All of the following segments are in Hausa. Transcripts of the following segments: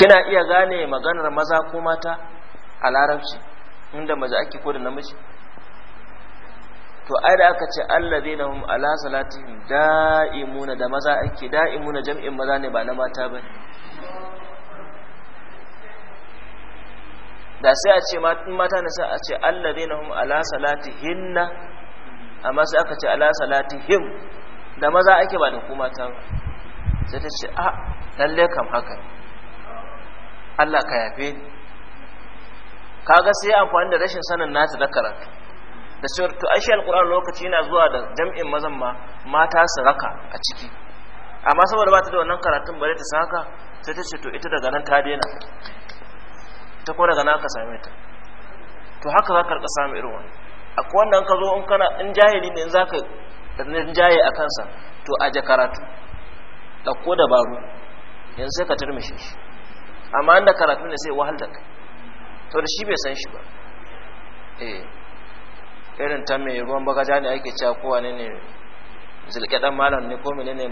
kina iya gane maganar maza ko mata a larabci inda maza ake ko da namiji to ai da aka ce allazina hum ala salatihim da'imuna da maza ake da'imuna jam'in maza ne ba na mata ba da sai a ce mata ne sai a ce allazina hum ala salatihinna amma sai aka ce ala salatihim da maza ake ba da ku mata ba sai ta ce a ah, lalle kam haka ne Allah ka yafe ni kaga sai amfani da rashin sanin nata da karatu da cewar to ashe alquran lokaci yana zuwa da jam'in mazan ma mata su raka a ciki amma saboda ba ta da wannan karatun bare ta saka sai ta ce to ita daga nan ta daina ta ko daga nan aka same ta to haka za ka rika samu irin wani akwai wanda in ka zo in kana in jahili ne in za ka jaye a kansa to aje karatu ɗauko dabaru yanzu sai ka turmishe shi amma inda karatu ne sai wahal da kai to da shi bai san shi ba eh irin ta mai ruwan bagaja ne ake cewa kowa ne ne zilke dan malam ne ko menene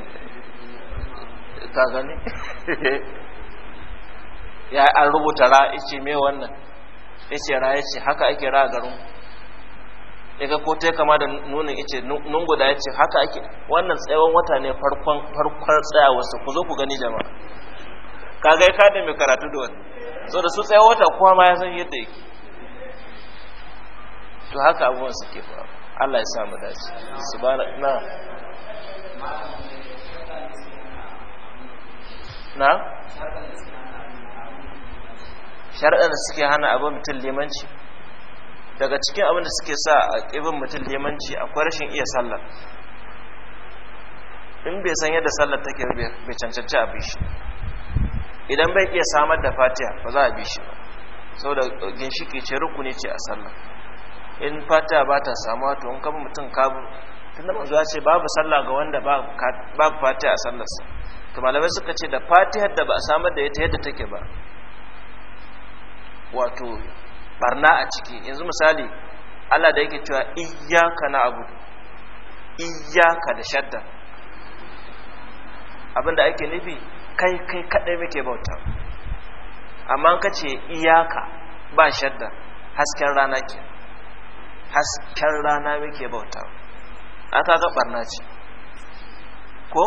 ka gani ya an rubuta ra ice me wannan ice ra yace haka ake ra garin daga ko ta kama da nunin ice nun guda yace haka ake wannan tsawon wata ne farkon farkon wasu ku zo ku gani jama'a Ka ga ka da mai karatu da wani so da su tsaye wata kuma ma ya san yadda yake to haka abubuwan suke ba Allah ya sa mu dace subhana na shari'ar da suke hana abin mutum limanci daga cikin abin da suke sa a ƙibin mutum limanci akwai rashin iya sallar in bai san yadda sallar take bai cancanci abin shi idan bai iya samar da fatiha ba za a bi shi ba saboda ginshiki ce rukuni ce a sallah in fatiha ba ta samuwa to in kama mutum kabu tunda manzo ya ce babu sallah ga wanda babu fatiha a sallarsa to malamai suka ce da fatihar da ba a samar da ita yadda take ba wato barna a ciki yanzu misali Allah da yake cewa iyyaka abu iyyaka da shadda abinda ake nufi kai kai kadai muke bauta amma ka ce iyaka ba shadda hasken rana ke hasken rana muke bauta aka ga barna ce ko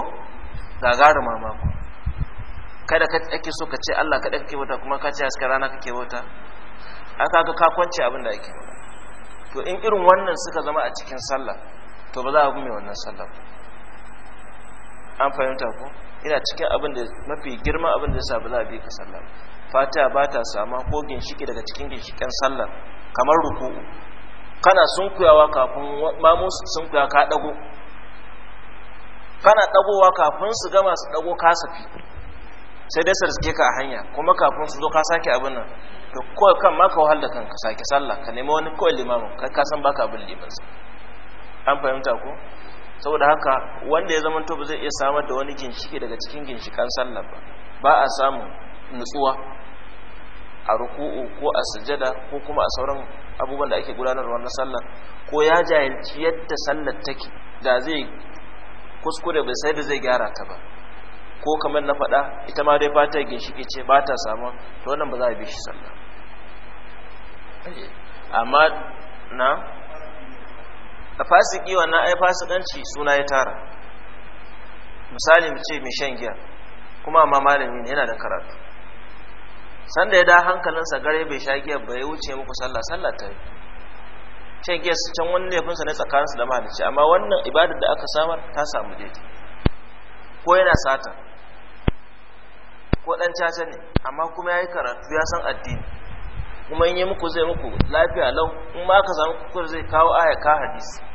gagaru mamako kada ka ake so ka ce Allah kada kake bauta kuma ka ce hasken rana kake bauta aka ga ka kwance abin da ake to in irin wannan suka zama a cikin sallah to ba za a gumi wannan sallah an fahimta ko ina cikin abin da mafi girma abin da sabu za a bi ka sallah fatiha ba ta sama ko ginshiki daga cikin ginshiken sallah kamar ruku kana sunkuyawa kafin mamu sunkuya ka dago kana dagowa kafin su gama su dago fi sai dai sarske ka a hanya kuma kafin su zo ka sake abin nan to kawai kan ma ka wahala kanka sake sallah ka nemi wani kawai limamin kai ka san baka abin limansa an fahimta ko saboda haka wanda ya zamanto ba zai iya samar da wani ginshiki daga cikin ginshikan sallar ba ba a samun nutsuwa a ruku'u ko a sujada ko kuma a sauran abubuwan da ake gudanarwa na sallar ko ya jahilci yadda sallar take da zai kuskure bai sai da zai gyara ta ba ko kamar na faɗa ita ma dai ba ta ginshiki ce ba ta samu to wannan ba za a bi shi sallar. amma na a fasiki wannan ai fasikanci suna ya tara misali mu ce mai shan giya kuma amma malami ne yana da karatu sanda ya da hankalinsa gare bai sha giya bai wuce muku sallah sallah ta yi shan giya su can wani laifinsa ne tsakaninsu da mahalicci amma wannan ibadar da aka samar ta samu daidai ko yana sata ko dan caca ne amma kuma ya yi karatu ya san addini kuma in yi muku zai muku lafiya lau in ma aka samu kukur zai kawo aya ka hadisi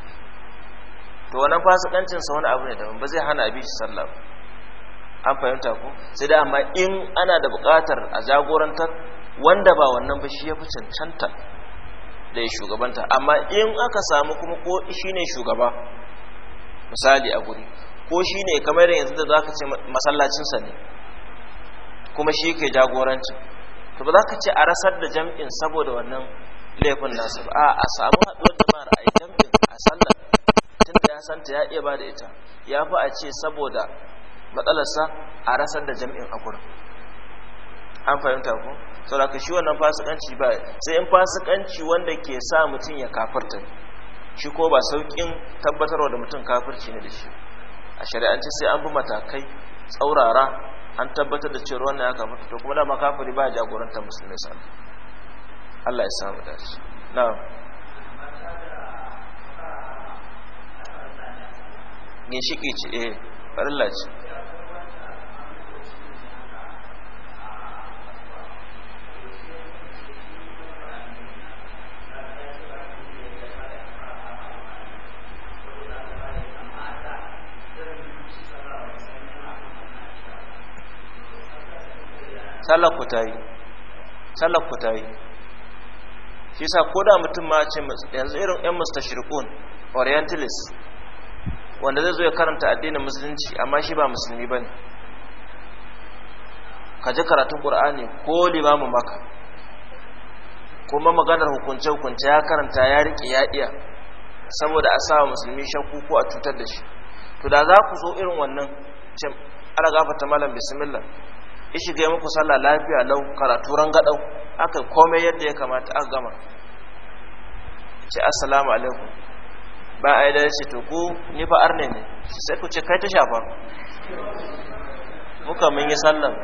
to wannan fasikancin sa wani abu ne daban ba zai hana abin shi sallah an fahimta ko sai dai amma in ana da buƙatar a jagorantar wanda ba wannan ba shi ya fi cancanta da ya shugabanta amma in aka samu kuma ko shi ne shugaba misali a guri ko shi ne kamar yanzu da za ka ce masallacinsa ne kuma shi ke jagoranci to ba za ka ce a rasar da jam'in saboda wannan laifin nasu ba a samu haɗuwar da santa ya iya ba da ita ya fi a ce saboda matsalarsa a rasar da jam'in a gurin an fahimta ku saboda shi wannan fasikanci ba sai in fasikanci wanda ke sa mutum ya kafirta shi ko ba saukin tabbatarwa da mutum kafirci ne da shi a shari'ance sai an bi matakai tsaurara an tabbatar da cewa wannan ya kafirta to kuma da makafiri ba jagorantar musulmai sallah Allah ya samu dace na'am ginshiki ce eh farilla ce sallar ku ta yi sallar ku ta yi shi sa ko da mutum ma ce yanzu irin 'yan mustashirkun orientalist wanda zai zo ya karanta addinin musulunci amma shi ba musulmi ba ne ka ji karatun Kur'ani ko limamin maka kuma maganar hukunce-hukunce ya karanta ya riƙe ya iya saboda a sawa musulmi shakku ko a cutar da shi to da za ku zo irin wannan cin ana gafata malam bismillah ya shiga muku sallah lafiya lau karatu rangadau aka komai yadda ya kamata a gama ce assalamu alaikum ba a yi da shi to ku ni ba arne ne sai ku ce kai ta shafa muka mun yi sallan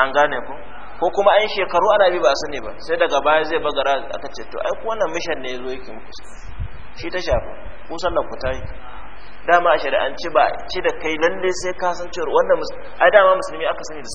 an gane ku ko kuma an shekaru ana bi ba a sani ba sai daga baya zai bagara aka ce to ai wannan mishan ne zo yake muku shi ta shafa ku sallan ku ta yi dama a shari'anci ba ce da kai lalle sai ka san cewa wannan ai dama musulmi aka sani da